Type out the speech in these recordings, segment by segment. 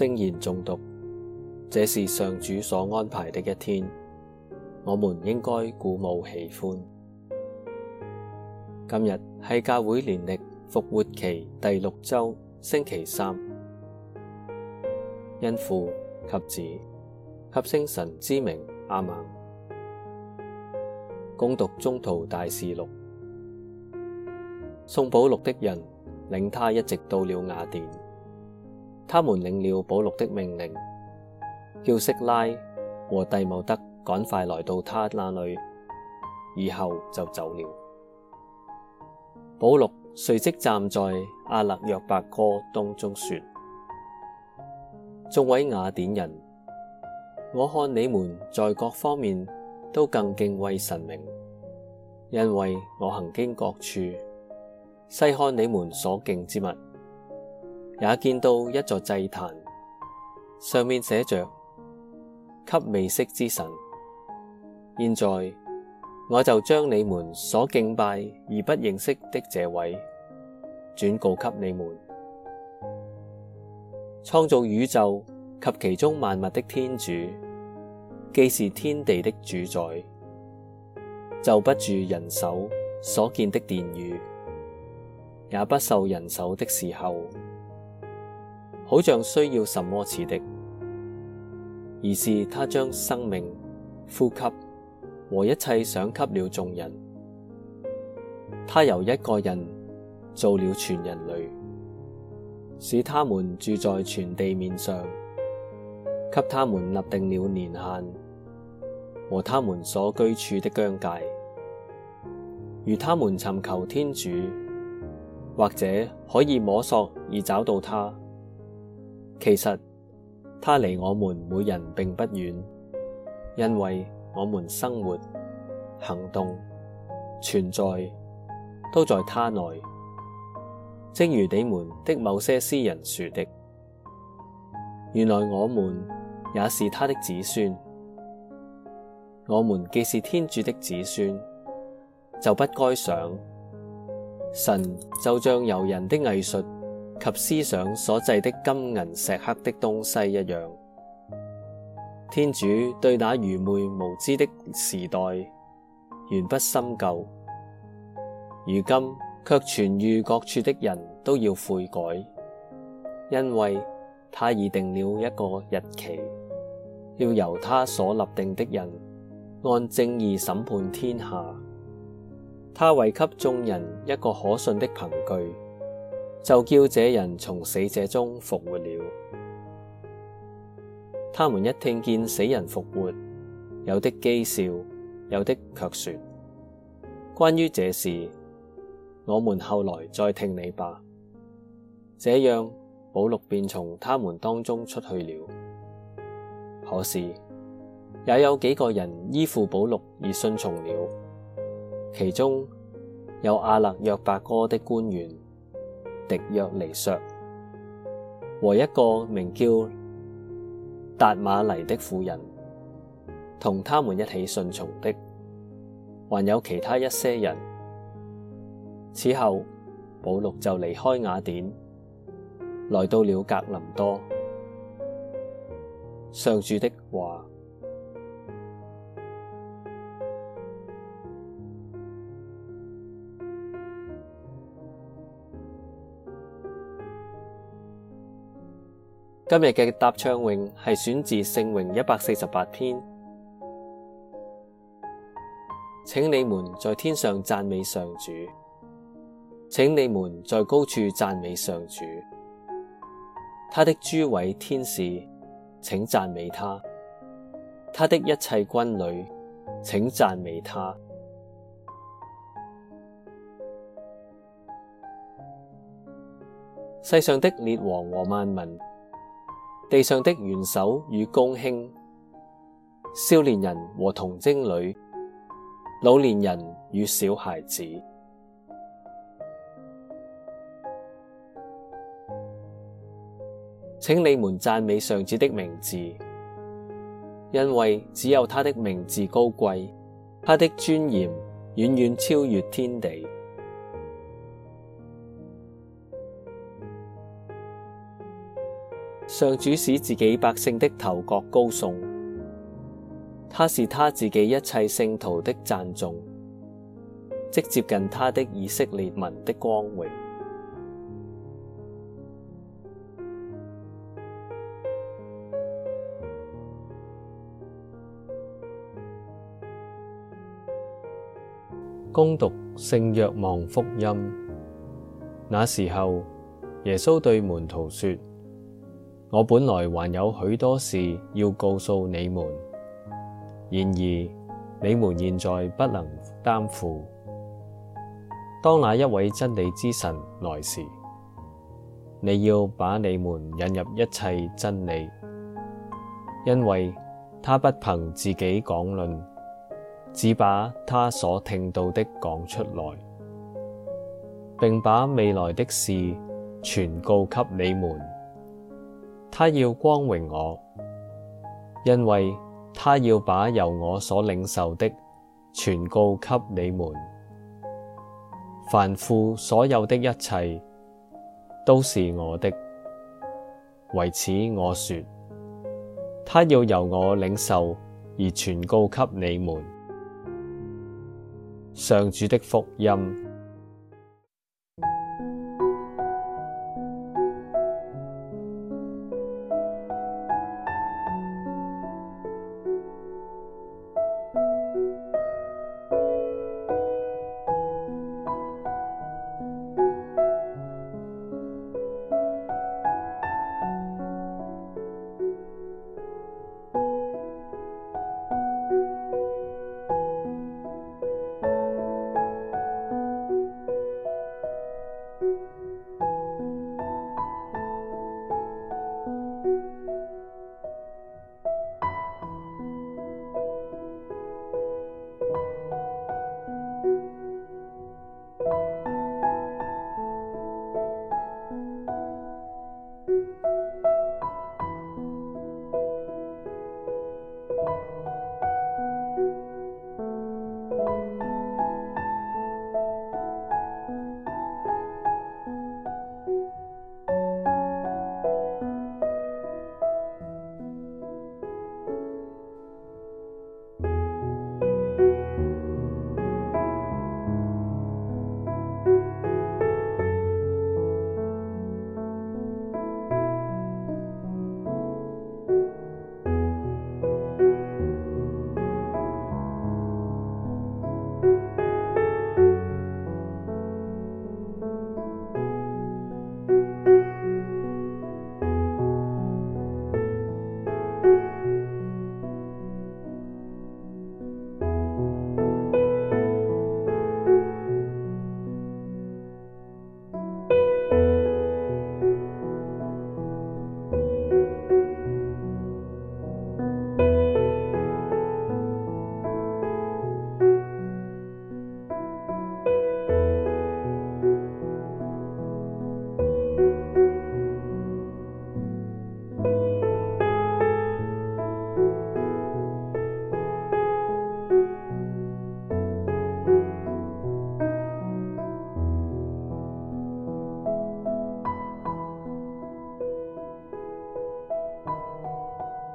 聖言誦讀，這是上主所安排的一天，我們應該鼓舞喜歡。今日係教會年曆復活期第六周星期三，因父及子及聖神之名阿們。恭讀《宗徒大事錄》，送保祿的人領他一直到了雅典。他們領了保祿的命令，叫息拉和弟茂德趕快來到他那裏，以後就走了。保祿隨即站在阿勒約帕哥當中說：眾位雅典人，我看你們在各方面都更敬畏神明，因為我行經各處，細看你們所敬之物。也見到一座祭壇，上面寫着：給未識之神。現在我就將你們所敬拜而不認識的這位傳告給你們，創造宇宙及其中萬物的天主，既是天地的主宰，就不住人手所建的殿宇，也不受人手的侍候。好像需要什麼似的，而是他將生命、呼吸和一切賞給了眾人。他由一個人造了全人類，使他們住在全地面上，給他們立定了年限，和他們所居處的疆界，如他們尋求天主，或者可以摸索而找到他。其實，他離我們每人並不遠，因為我們生活、行動、存在，都在他內。正如你們的某些詩人說的：原來我們也是他的子孫。我們既是天主的子孫，就不該想神就像由人的藝術，及思想所製的金銀石刻的東西一樣，天主對那愚昧無知的時代，原不深究，如今卻傳諭各處的人都要悔改，因為他已定了一個日期，要由他所立定的人按正義審判天下，他為給眾人一個可信的憑據。就叫這人從死者中復活了。他們一聽見死人復活，有的譏笑，有的卻說：關於這事，我們後來再聽你吧。這樣，保祿便從他們當中出去了。可是，也有幾個人依附保祿而信從了，其中有阿勒約帕哥的官員。狄約尼削和一個名叫達瑪黎的婦人，同他們一起信從的，還有其他一些人。此後，保祿就離開雅典，來到了格林多。上主的話。今日嘅答唱詠係選自聖詠一百四十八篇，請你們在天上讚美上主，請你們在高處讚美上主，他的諸位天使，請讚美他，他的一切軍旅，請讚美他，世上的列王和萬民。地上的元首與公卿，少年人和童貞女，老年人與小孩子，請你們讚美上主的名字，因為只有他的名字高貴，他的尊嚴遠遠，遠超越天地。上主使自己百姓的頭角高聳，他是他自己一切聖徒的讚頌，即接近他的以色列民的光榮。恭讀聖若望福音，那時候耶穌對門徒說。我本來還有許多事要告訴你們，然而你們現在不能擔負。當那一位真理之神來時，你要把你們引入一切真理，因為他不憑自己講論，只把他所聽到的講出來，并把未來的事傳告給你們。他要光榮我，因為他要把由我所領受的，傳告給你們。凡父所有的一切，都是我的，為此我說，他要由我領受而傳告給你們。上主的福音。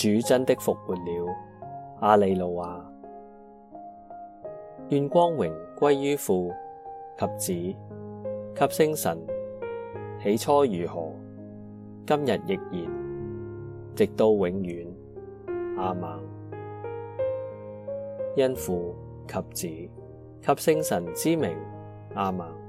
主真的復活了，阿里路亞！願光榮歸於父及子及聖神，起初如何，今日亦然，直到永遠，阿們。因父及子及聖神之名，阿們。